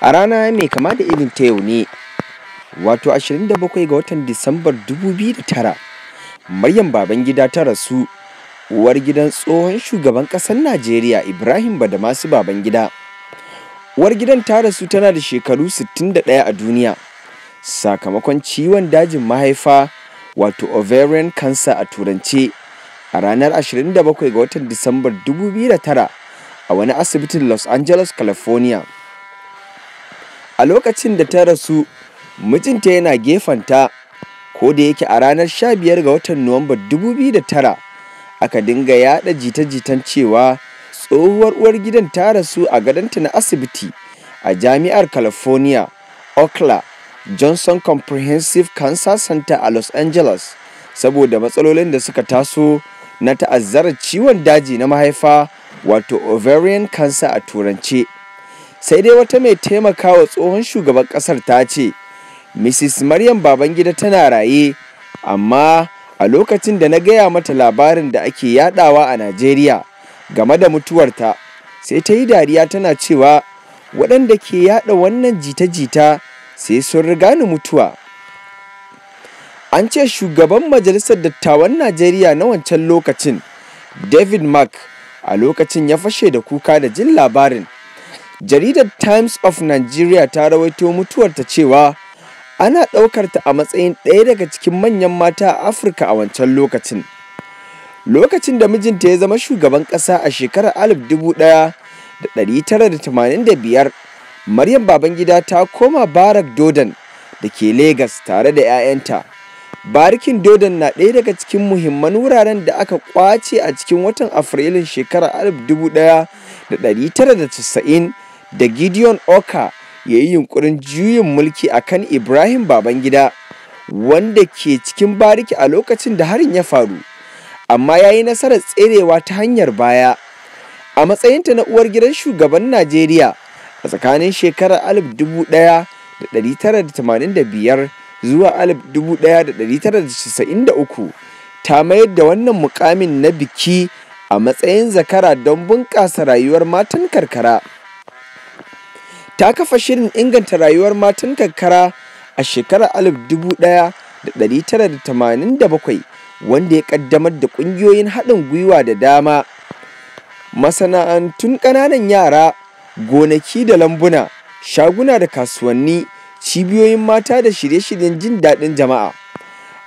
a rana mai kama da irin ta yau ne wato 27 ga watan disambar 2009 maryam babangida ta rasu uwar gidan tsohon shugaban ƙasar najeriya ibrahim badamasu gida uwar gidan ta rasu tana da shekaru 61 a duniya sakamakon ciwon dajin mahaifa wato ovarian cancer a turance a ranar 27 ga watan disambar 2009 a wani asibitin los angeles california a lokacin da ta rasu mijinta yana gefanta ko da yake a ranar 15 ga watan nuwamba 2009 aka dinga yada jita-jitan cewa tsohuwar uwar gidan ta rasu a gadonta na asibiti a jami'ar california oakland johnson comprehensive cancer center a los angeles saboda matsalolin da suka taso na ta'azzara ciwon daji na mahaifa wato ovarian cancer a turance sai dai wata mai taimakawa tsohon shugaban kasar ta ce mrs maryam babangida tana raye amma a lokacin da na gaya mata labarin da ake yadawa a najeriya game da mutuwarta sai ta yi dariya tana cewa waɗanda ke yada wannan jita-jita sai sun riga ni mutuwa an ce shugaban majalisar dattawan najeriya na wancan lokacin david mark a lokacin ya fashe da kuka da jin labarin Jaridar Times of Nigeria ta rawaito mutuwarta cewa ana ɗaukar ta a matsayin ɗaya daga cikin manyan mata a Afirka a wancan lokacin. Lokacin da mijinta ya zama shugaban ƙasa a shekarar 1985, Maryam Babangida ta koma Barak Dodan da ke Legas tare da 'ya'yanta. Barikin Dodan na ɗaya daga cikin muhimman wuraren da aka ƙwace a cikin watan Afrilun shekarar 1990 da Gideon Oka ya yi yunkurin juyin mulki akan kan Ibrahim Babangida wanda ke cikin bariki a lokacin da harin ya faru, amma ya yi nasarar tserewa ta hanyar baya. A matsayinta na uwar gidan shugaban Najeriya a tsakanin shekarar 1985 zuwa 1993 ta mayar da wannan mukamin na biki a matsayin zakara don bunƙasa rayuwar matan karkara. ta kafa shirin inganta rayuwar matan karkara a shekarar 1987 wanda ya ƙaddamar da ƙungiyoyin haɗin gwiwa da dama masana'antun ƙananan yara gonaki da lambuna shaguna da kasuwanni cibiyoyin mata da shirye-shiryen jin daɗin jama'a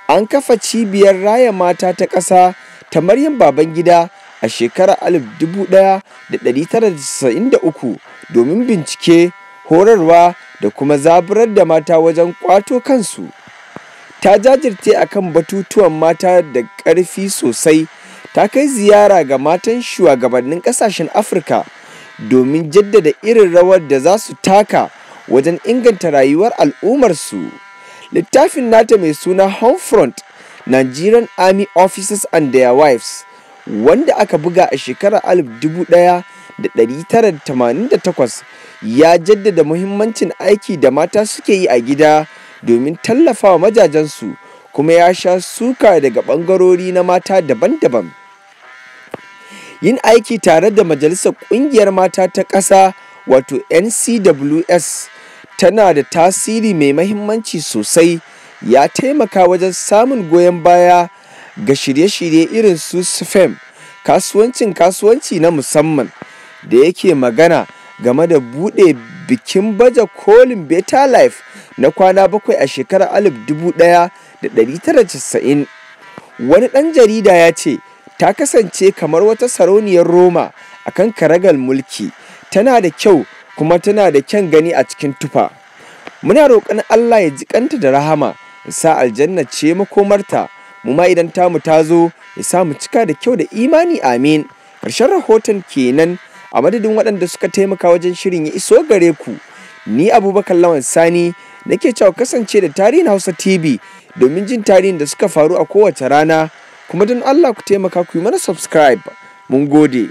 an kafa cibiyar raya mata ta ƙasa ta maryam babangida a shekarar 1993 domin bincike horarwa da kuma zaburar da mata wajen ƙwato kansu. Ta jajirce a kan batutuwan mata da ƙarfi sosai, ta kai ziyara ga matan shugabannin ƙasashen Afirka domin jaddada irin rawar da za su taka wajen inganta rayuwar al'ummarsu. Littafin nata mai suna Homefront Nigerian Army Officers and Their Wives wanda aka buga a shekarar 1900 1988 ya jaddada muhimmancin aiki da mata suke yi a gida domin tallafa wa majajensu kuma ya sha suka daga ɓangarori na mata daban-daban. Yin aiki tare da Majalisar Ƙungiyar Mata ta Ƙasa wato NCWS tana da tasiri mai mahimmanci sosai ya taimaka wajen samun goyon baya ga shirye-shirye irin su SFEM kasuwancin kasuwanci na musamman. da yake magana game da buɗe bikin baje kolin 'Beta Life na kwana bakwai a shekarar alif dubu ɗaya da ɗari tara casa'in Wani ɗan jarida ya ce, ta kasance kamar wata sarauniyar Roma a kan karagal mulki, tana da kyau kuma tana da kyan gani a cikin tufa. Muna roƙon Allah ya ji kanta da rahama, ya sa aljanna ce makomarta, mu ma idan tamu ta zo, ya sa mu cika da kyau da imani amin. Ƙarshen rahoton kenan. a madadin waɗanda suka taimaka wajen shirin ya iso gare ku ni abubakar lawan sani nake cewa kasance da tarihin hausa tv domin jin tarihin da suka faru a kowace rana kuma don allah ku taimaka ku yi mana subscribe mun gode